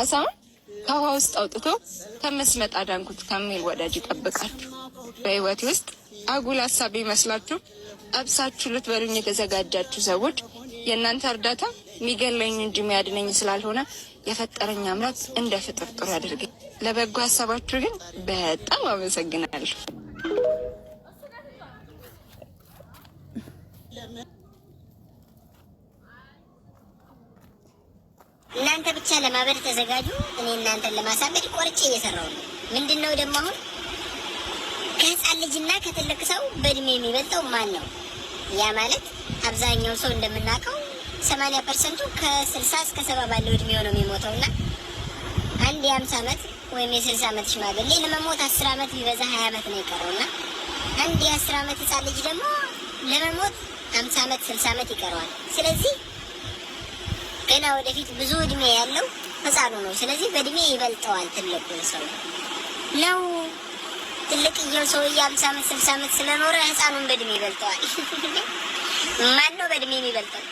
አሳ ከውሃ ውስጥ አውጥቶ ከመስመጥ አዳንኩት ከሚል ወዳጅ ይጠብቃችሁ። በህይወት ውስጥ አጉል ሀሳብ ይመስላችሁ አብሳችሁ ልትበሉኝ የተዘጋጃችሁ ሰዎች የእናንተ እርዳታ የሚገለኝ እንጂ የሚያድነኝ ስላልሆነ የፈጠረኝ አምላክ እንደ ፍጥር ጥሩ ያደርገኝ። ለበጎ ሀሳባችሁ ግን በጣም አመሰግናለሁ። እናንተ ብቻ ለማበር ተዘጋጁ። እኔ እናንተን ለማሳበድ ቆርጬ እየሰራው ነው። ምንድን ነው ደግሞ አሁን ከህፃን ልጅና ከትልቅ ሰው በእድሜ የሚበልጠው ማን ነው? ያ ማለት አብዛኛው ሰው እንደምናውቀው ሰማንያ ፐርሰንቱ ከስልሳ እስከ ሰባ ባለው እድሜው ነው የሚሞተው እና አንድ የሀምሳ ዓመት ወይም የስልሳ ዓመት ሽማግሌ ለመሞት አስር ዓመት ቢበዛ ሀያ ዓመት ነው የቀረው እና አንድ የአስር ዓመት ህፃን ልጅ ደግሞ ለመሞት ሀምሳ ዓመት ስልሳ ዓመት ይቀረዋል። ስለዚህ ገና ወደፊት ብዙ እድሜ ያለው ህፃኑ ነው። ስለዚህ በእድሜ ይበልጠዋል ትልቁ ሰው ነው። ትልቅየው ሰውዬ ሃምሳ ዓመት ስልሳ ዓመት ስለኖረ ህፃኑን በእድሜ ይበልጠዋል። ማን ነው በእድሜ የሚበልጠው?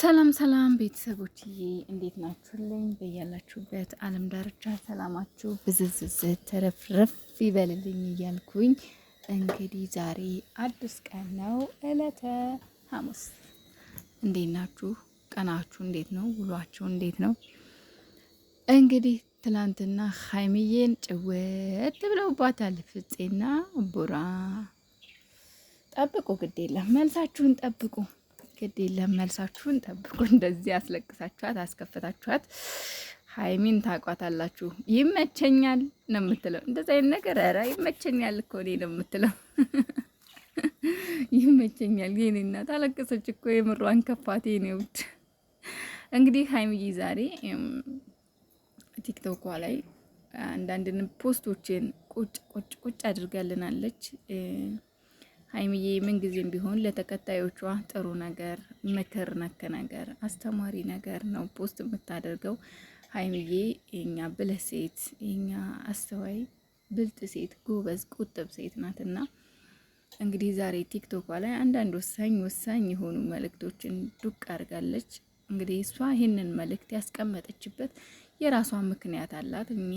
ሰላም ሰላም ቤተሰቦችዬ እንዴት ናችሁልኝ? በያላችሁበት አለም ዳርቻ ሰላማችሁ ብዝዝዝ ተረፍረፍ ይበልልኝ እያልኩኝ እንግዲህ ዛሬ አዲስ ቀን ነው፣ እለተ ሐሙስ እንዴት ናችሁ? ቀናችሁ እንዴት ነው? ውሏችሁ እንዴት ነው? እንግዲህ ትላንትና ሀይሚዬን ጭውት ብለውባታል ፍፄና ቡራ። ጠብቁ፣ ግድ የለም መልሳችሁን ጠብቁ፣ ግድ የለም መልሳችሁን ጠብቁ። እንደዚህ አስለቅሳችኋት አስከፈታችኋት። ሀይሚን ታቋታላችሁ። ይመቸኛል ነው የምትለው እንደዚ አይነት ነገር። ኧረ ይመቸኛል እኮ እኔ ነው የምትለው ይመቸኛል። የኔ እናት አለቀሰች እኮ የምሯን ከፋቴ ኔውድ እንግዲህ ሀይሚዬ ዛሬ ቲክቶኳ ላይ አንዳንድን ፖስቶችን ቁጭ ቁጭ ቁጭ አድርጋልናለች። ሀይሚዬ ምንጊዜም ቢሆን ለተከታዮቿ ጥሩ ነገር፣ ምክር ነክ ነገር፣ አስተማሪ ነገር ነው ፖስት የምታደርገው። ሀይሚዬ የኛ ብልህ ሴት፣ የኛ አስተዋይ ብልጥ ሴት፣ ጎበዝ ቁጥብ ሴት ናትና እንግዲህ ዛሬ ቲክቶኳ ላይ አንዳንድ ወሳኝ ወሳኝ የሆኑ መልእክቶችን ዱቅ አድርጋለች። እንግዲህ እሷ ይህንን መልእክት ያስቀመጠችበት የራሷ ምክንያት አላት። እኔ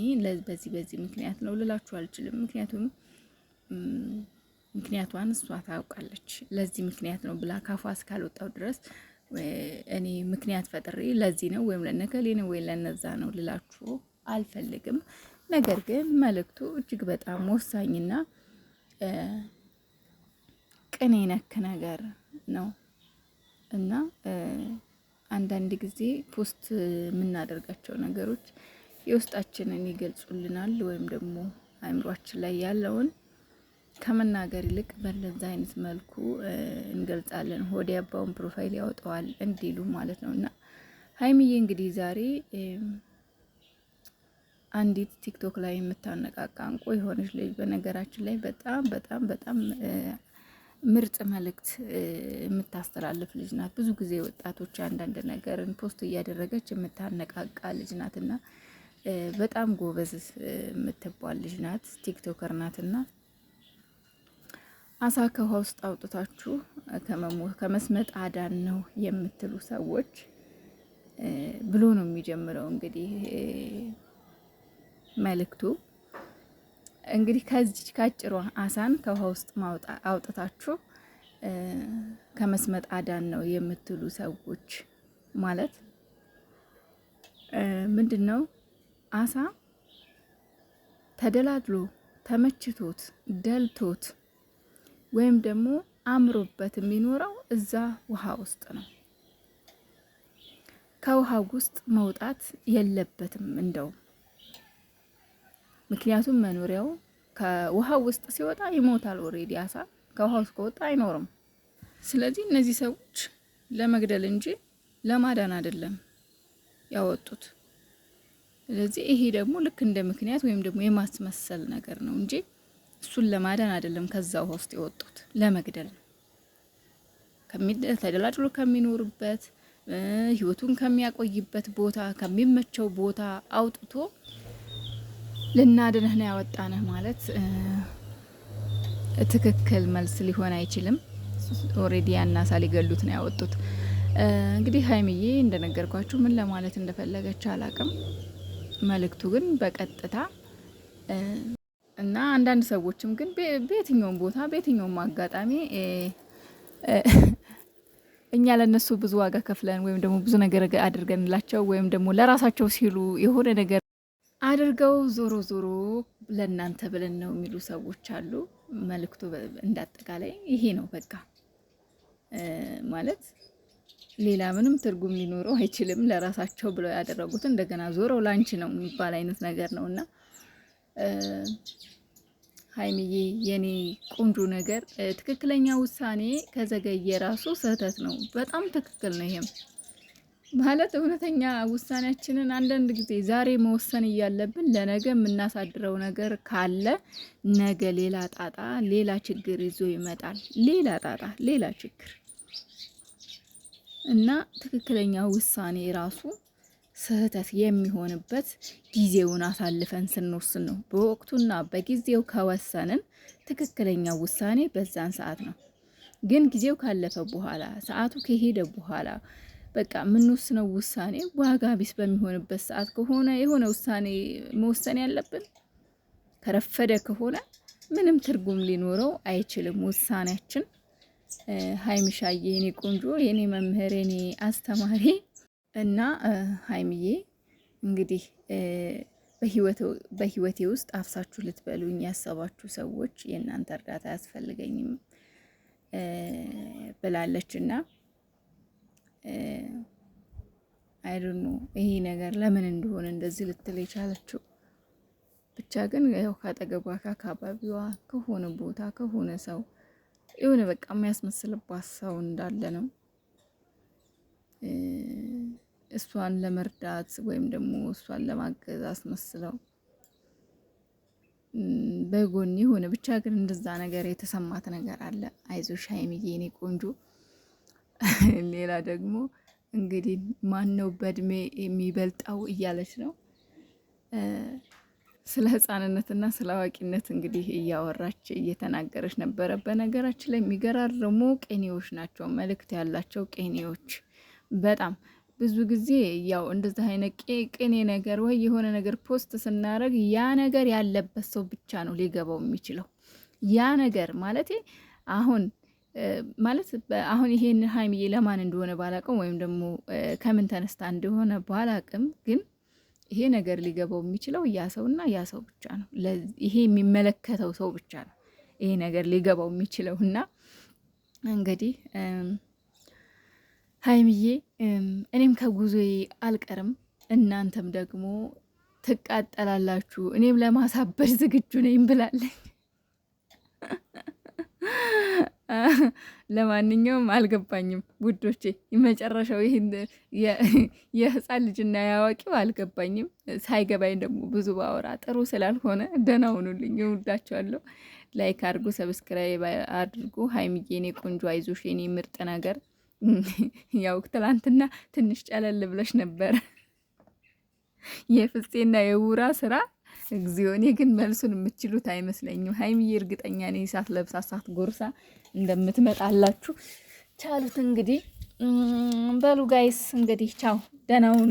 በዚህ በዚህ ምክንያት ነው ልላችሁ አልችልም። ምክንያቱም ምክንያቷን እሷ ታውቃለች። ለዚህ ምክንያት ነው ብላ ካፏ እስካልወጣው ድረስ እኔ ምክንያት ፈጥሬ ለዚህ ነው ወይም ለነከሌ ነው ወይም ለነዛ ነው ልላችሁ አልፈልግም። ነገር ግን መልእክቱ እጅግ በጣም ወሳኝና ቅኔ ነክ ነገር ነው እና አንዳንድ ጊዜ ፖስት የምናደርጋቸው ነገሮች የውስጣችንን ይገልጹልናል ወይም ደግሞ አይምሯችን ላይ ያለውን ከመናገር ይልቅ በለዛ አይነት መልኩ እንገልጻለን። ሆዴ ያባውን ፕሮፋይል ያወጣዋል እንዲሉ ማለት ነው። እና ሀይሚዬ እንግዲህ ዛሬ አንዲት ቲክቶክ ላይ የምታነቃቃ እንቁ የሆነች ልጅ በነገራችን ላይ በጣም በጣም በጣም ምርጥ መልእክት የምታስተላልፍ ልጅ ናት። ብዙ ጊዜ ወጣቶች አንዳንድ ነገርን ፖስት እያደረገች የምታነቃቃ ልጅ ናት እና በጣም ጎበዝ የምትባል ልጅ ናት። ቲክቶከር ናትና አሳ ከውሃ ውስጥ አውጥታችሁ ከመስመጥ አዳን ነው የምትሉ ሰዎች ብሎ ነው የሚጀምረው እንግዲህ መልእክቱ። እንግዲህ ከዚች ካጭሯ አሳን ከውሃ ውስጥ አውጥታችሁ ከመስመጥ አዳን ነው የምትሉ ሰዎች ማለት ምንድን ነው? አሳ ተደላድሎ ተመችቶት ደልቶት ወይም ደግሞ አምሮበት የሚኖረው እዛ ውሃ ውስጥ ነው። ከውሃ ውስጥ መውጣት የለበትም እንደውም ምክንያቱም መኖሪያው ከውሃው ውስጥ ሲወጣ ይሞታል። ኦሬዲ አሳ ከውሃ ውስጥ ከወጣ አይኖርም። ስለዚህ እነዚህ ሰዎች ለመግደል እንጂ ለማዳን አይደለም ያወጡት። ስለዚህ ይሄ ደግሞ ልክ እንደ ምክንያት ወይም ደግሞ የማስመሰል ነገር ነው እንጂ እሱን ለማዳን አይደለም ከዛ ውሃ ውስጥ የወጡት ለመግደል ነው። ተደላድሎ ከሚኖርበት ህይወቱን ከሚያቆይበት ቦታ ከሚመቸው ቦታ አውጥቶ ልናድንህ ነው ያወጣንህ ማለት ትክክል መልስ ሊሆን አይችልም። ኦሬዲ ያናሳ ሊገሉት ነው ያወጡት። እንግዲህ ሀይሚዬ እንደነገርኳችሁ ምን ለማለት እንደፈለገች አላቅም። መልእክቱ ግን በቀጥታ እና አንዳንድ ሰዎችም ግን በየትኛውም ቦታ በየትኛውም አጋጣሚ እኛ ለነሱ ብዙ ዋጋ ከፍለን ወይም ደግሞ ብዙ ነገር አድርገንላቸው ወይም ደግሞ ለራሳቸው ሲሉ የሆነ ነገር አድርገው ዞሮ ዞሮ ለእናንተ ብለን ነው የሚሉ ሰዎች አሉ። መልእክቱ እንዳጠቃላይ ይሄ ነው። በቃ ማለት ሌላ ምንም ትርጉም ሊኖረው አይችልም። ለራሳቸው ብለው ያደረጉት እንደገና ዞረው ላንቺ ነው የሚባል አይነት ነገር ነው እና ሀይሚዬ የኔ ቆንጆ ነገር ትክክለኛ ውሳኔ ከዘገየ ራሱ ስህተት ነው። በጣም ትክክል ነው ይሄም ማለት እውነተኛ ውሳኔያችንን አንዳንድ ጊዜ ዛሬ መወሰን እያለብን ለነገ የምናሳድረው ነገር ካለ ነገ ሌላ ጣጣ፣ ሌላ ችግር ይዞ ይመጣል። ሌላ ጣጣ፣ ሌላ ችግር እና ትክክለኛ ውሳኔ ራሱ ስህተት የሚሆንበት ጊዜውን አሳልፈን ስንወስን ነው። በወቅቱና በጊዜው ከወሰንን ትክክለኛ ውሳኔ በዛን ሰዓት ነው። ግን ጊዜው ካለፈ በኋላ ሰዓቱ ከሄደ በኋላ በቃ የምንወስነው ውሳኔ ዋጋ ቢስ በሚሆንበት ሰዓት ከሆነ የሆነ ውሳኔ መወሰን ያለብን ከረፈደ ከሆነ ምንም ትርጉም ሊኖረው አይችልም ውሳኔያችን። ሀይሚሻዬ የኔ ቆንጆ የኔ መምህር የኔ አስተማሪ እና ሀይሚዬ እንግዲህ በህይወቴ ውስጥ አፍሳችሁ ልትበሉኝ ያሰባችሁ ሰዎች የእናንተ እርዳታ አያስፈልገኝም ብላለች እና አይዶኖ ይሄ ነገር ለምን እንደሆነ እንደዚህ ልትል የቻለችው ብቻ ግን ያው ካጠገቧ ከአካባቢዋ ከሆነ ቦታ ከሆነ ሰው የሆነ በቃ የሚያስመስልባት ሰው እንዳለ ነው። እሷን ለመርዳት ወይም ደግሞ እሷን ለማገዝ አስመስለው በጎን የሆነ ብቻ ግን እንደዛ ነገር የተሰማት ነገር አለ። አይዞሽ ሀይሚዬ የኔ ቆንጆ ሌላ ደግሞ እንግዲህ ማን ነው በእድሜ የሚበልጠው እያለች ነው። ስለ ህፃንነትና ስለ አዋቂነት እንግዲህ እያወራች እየተናገረች ነበረ። በነገራችን ላይ የሚገራርሙ ቄኔዎች ናቸው፣ መልእክት ያላቸው ቄኔዎች በጣም ብዙ ጊዜ ያው እንደዚህ አይነት ቅኔ ነገር ወይ የሆነ ነገር ፖስት ስናደርግ ያ ነገር ያለበት ሰው ብቻ ነው ሊገባው የሚችለው። ያ ነገር ማለት አሁን ማለት አሁን ይሄን ሀይሚዬ ለማን እንደሆነ ባላቅም ወይም ደግሞ ከምን ተነስታ እንደሆነ ባላቅም ግን ይሄ ነገር ሊገባው የሚችለው ያ ሰውና ያ ሰው ብቻ ነው። ይሄ የሚመለከተው ሰው ብቻ ነው ይሄ ነገር ሊገባው የሚችለው እና እንግዲህ ሀይሚዬ እኔም ከጉዞዬ አልቀርም፣ እናንተም ደግሞ ትቃጠላላችሁ፣ እኔም ለማሳበር ዝግጁ ነኝ ብላለኝ። ለማንኛውም አልገባኝም ውዶቼ፣ የመጨረሻው ይህን የህፃን ልጅና ያዋቂው አልገባኝም። ሳይገባኝ ደግሞ ብዙ ባወራ ጥሩ ስላልሆነ ደህና ሁኑልኝ። እወዳቸዋለሁ። ላይክ አድርጉ፣ ሰብስክራይብ አድርጉ። ሀይሚዬ የኔ ቆንጆ አይዞሽ፣ የኔ ምርጥ ነገር። ያው ትላንትና ትንሽ ጨለል ብለሽ ነበር የፍፄና የውራ ስራ እግዚኦ! እኔ ግን መልሱን የምችሉት አይመስለኝም። ሀይሚዬ እርግጠኛ ነኝ ሳት ለብሳ ሳት ጎርሳ እንደምትመጣላችሁ ቻሉት። እንግዲህ በሉ ጋይስ፣ እንግዲህ ቻው፣ ደህና ሁኑ።